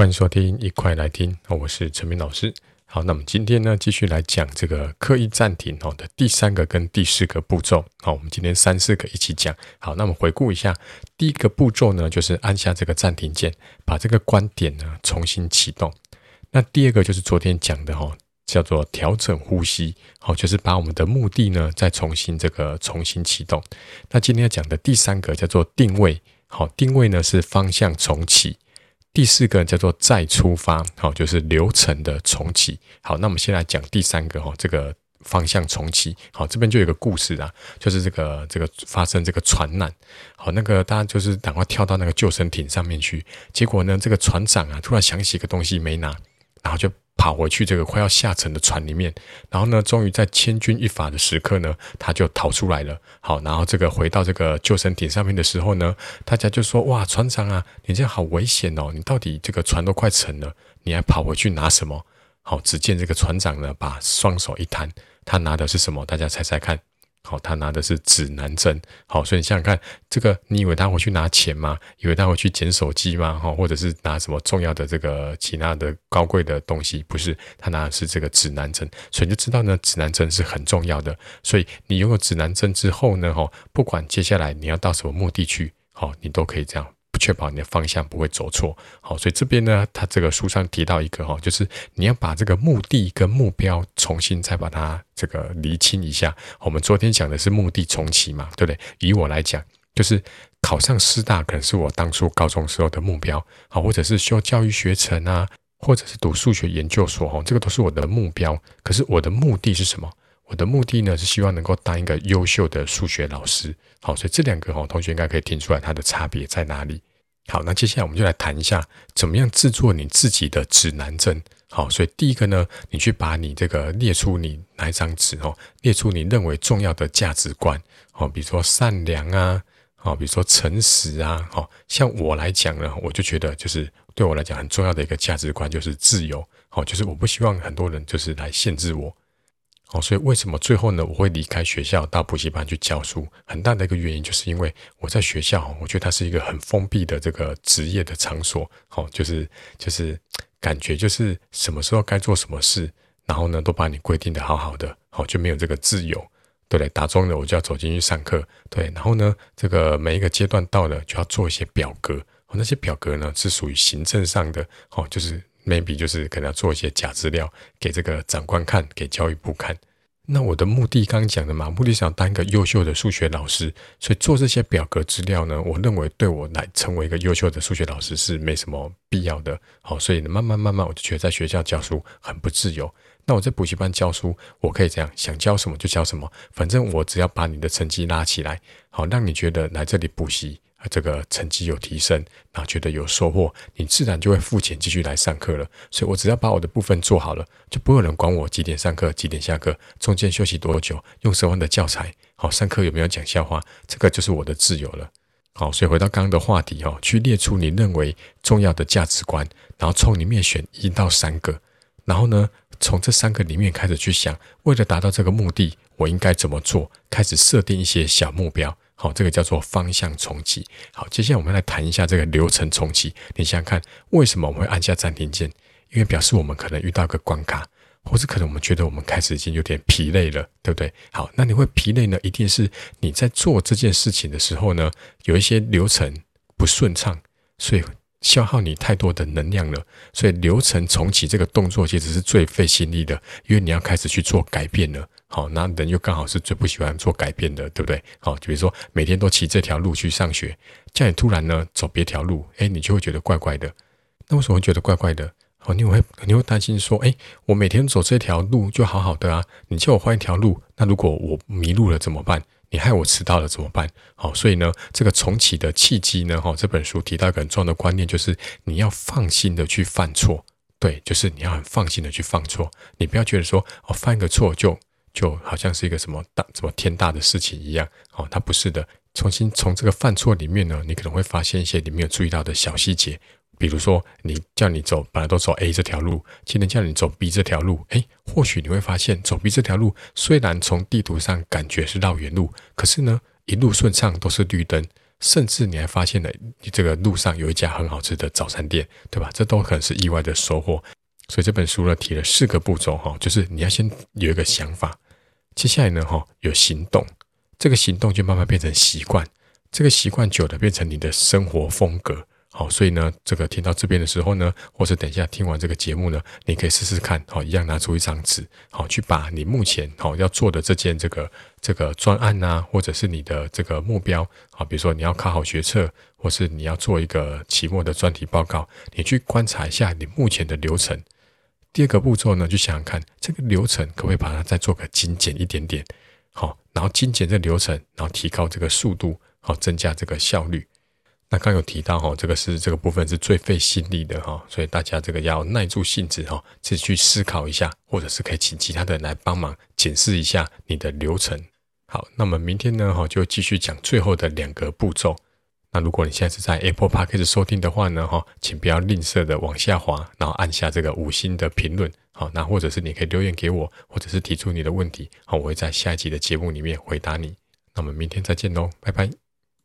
歡迎收聽，一塊來聽。我是陳明老師。好，那我們今天呢，繼續來講這個刻意暫停哦的第三個跟第四個步驟。好，我們今天三四個一起講。好，那我們回顧一下，第一個步驟呢，就是按下這個暫停鍵，把這個觀點呢重新啟動。那第二個就是昨天講的哦，叫做調整呼吸。好，就是把我們的目的呢再重新這個重新啟動。那今天要講的第三個叫做定位。好，定位呢是方向重啟。第四個叫做再出發，好、哦，就是流程的重啟。好，那我們先來講第三個哈、哦，這個方向重啟。好，這邊就有一個故事啊，就是這個這個發生這個船難，好，那個大家就是趕快跳到那個救生艇上面去。結果呢，這個船長啊，突然想起一個東西沒拿，然後就。跑回去這個快要下沉的船裡面，然後呢，終於在千鈞一髮的時刻呢，他就逃出來了。好，然後這個回到這個救生艇上面的時候呢，大家就說：“哇，船長啊，你這樣好危險哦！你到底這個船都快沉了，你還跑回去拿什麼？”好，只見這個船長呢，把雙手一攤，他拿的是什麼？大家猜猜看。好、哦，他拿的是指南針。好，所以你想想看，這個你以為他會去拿錢嗎？以為他會去撿手機嗎？或者是拿什麼重要的這個其他、的高貴的東西？不是，他拿的是這個指南針。所以你就知道呢，指南針是很重要的。所以你用了指南針之後呢、哦，不管接下來你要到什麼目的去，好、哦，你都可以這樣。確保你的方向不會走錯，好，所以這邊呢，他這個書上提到一個哈，就是你要把這個目的跟目標重新再把它這個釐清一下。我們昨天講的是目的重啟嘛，對不對？以我來講，就是考上師大可能是我當初高中時候的目標，好，或者是修教育學程啊，或者是讀數學研究所，哦，這個都是我的目標。可是我的目的是什麼？我的目的呢，是希望能夠當一個優秀的數學老師。好，所以這兩個哈，同學應該可以聽出來它的差別在哪裡。好，那接下來我們就來談一下，怎麼樣製作你自己的指南針。好，所以第一個呢，你去把你這個列出，你拿一張紙哦，列出你認為重要的價值觀。好、哦，比如說善良啊，好、哦，比如說誠實啊，好、哦，像我來講呢，我就覺得就是對我來講很重要的一個價值觀就是自由。好、哦，就是我不希望很多人就是來限制我。哦，所以為什麼最後呢？我會離開學校到補習班去教書，很大的一個原因就是因為我在學校，我覺得它是一個很封閉的這個職業的場所。哦，就是就是感覺就是什麼時候該做什麼事，然後呢都把你規定的好好的，哦，就沒有這個自由，對，打鐘了我就要走進去上課，對，然後呢這個每一個階段到了就要做一些表格，哦，那些表格呢是屬於行政上的，哦，就是。maybe 就是可能要做一些假資料，給這個長官看，給教育部看。那我的目的剛剛講的嘛，目的是想當一個優秀的數學老師，所以做這些表格資料呢，我認為對我來成為一個優秀的數學老師是沒什麼必要的。好，所以呢慢慢慢慢，我就覺得在學校教書很不自由。那我在補習班教書，我可以這樣，想教什麼就教什麼，反正我只要把你的成績拉起來，好，讓你覺得來這裡補習，這個成績有提升，那覺得有收穫，你自然就會付錢繼續來上課了。所以我只要把我的部分做好了，就不會有人管我幾點上課、幾點下課、中間休息多久、用什麼樣的教材。好，上課有沒有講笑話，這個就是我的自由了。好，所以回到剛剛的話題哦，去列出你認為重要的價值觀，然後從裡面選一到三個，然後呢，從這三個裡面開始去想，為了達到這個目的，我應該怎麼做？開始設定一些小目標。好，這個叫做方向重啟。好，接下來我們來談一下這個流程重啟。你想想看，為什麼我們會按下暫停鍵？因為表示我們可能遇到一個關卡，或者可能我們覺得我們開始已經有點疲累了，對不對？好，那你會疲累呢？一定是你在做這件事情的時候呢，有一些流程不順暢，所以。消耗你太多的能量了，所以流程重啟這個動作其實是最費心力的，因為你要開始去做改變了。好，那人又剛好是最不喜歡做改變的，對不對？好，就比如說每天都騎這條路去上學，這樣你突然呢走別條路，哎，你就會覺得怪怪的。那為什麼會覺得怪怪的？好，你會你會擔心說，哎，我每天走這條路就好好的啊，你叫我換一條路，那如果我迷路了怎麼辦？你害我遲到了怎麼辦？好，哦，所以呢，這個重啟的契機呢，哦，這本書提到一個很重要的觀念，就是你要放心的去犯錯，對，就是你要很放心的去犯錯，你不要覺得說哦，犯個錯就就好像是一個什麼大、什麼天大的事情一樣，哦，它不是的，重新從這個犯錯裡面呢，你可能會發現一些你沒有注意到的小細節。比如說，你叫你走，本來都走 A 這條路，今天叫你走 B 這條路，哎，或許你會發現走 B 這條路雖然從地圖上感覺是繞遠路，可是呢，一路順暢都是綠燈，甚至你還發現了這個路上有一家很好吃的早餐店，對吧？這都可能是意外的收穫。所以這本書呢，提了四個步驟哈，就是你要先有一個想法，接下來呢哈，有行動，這個行動就慢慢變成習慣，這個習慣久了變成你的生活風格。好，所以呢，這個聽到這邊的時候呢，或者等一下聽完這個節目呢，你可以試試看，好、哦，一樣拿出一張紙，好、哦，去把你目前好、哦、要做的這件這個這個專案吶、啊，或者是你的這個目標，好、哦，比如說你要考好學測，或是你要做一個期末的專題報告，你去觀察一下你目前的流程。第二個步驟呢，就想想看，這個流程可不可以把它再做個精簡一點點，好、哦，然後精簡這個流程，然後提高這個速度，好、哦，增加這個效率。那剛剛有提到哈，這個是這個部分是最費心力的哈，所以大家這個要耐住性子哈，自己去思考一下，或者是可以請其他的人來幫忙解釋一下你的流程。好，那麼明天呢哈，就繼續講最後的兩個步驟。那如果你現在是在 Apple Podcast 收聽的話呢哈，請不要吝嗇的往下滑，然後按下這個五星的評論。好，那或者是你可以留言給我，或者是提出你的問題，好，我會在下一集的節目裡面回答你。那麼明天再見嘍，拜拜。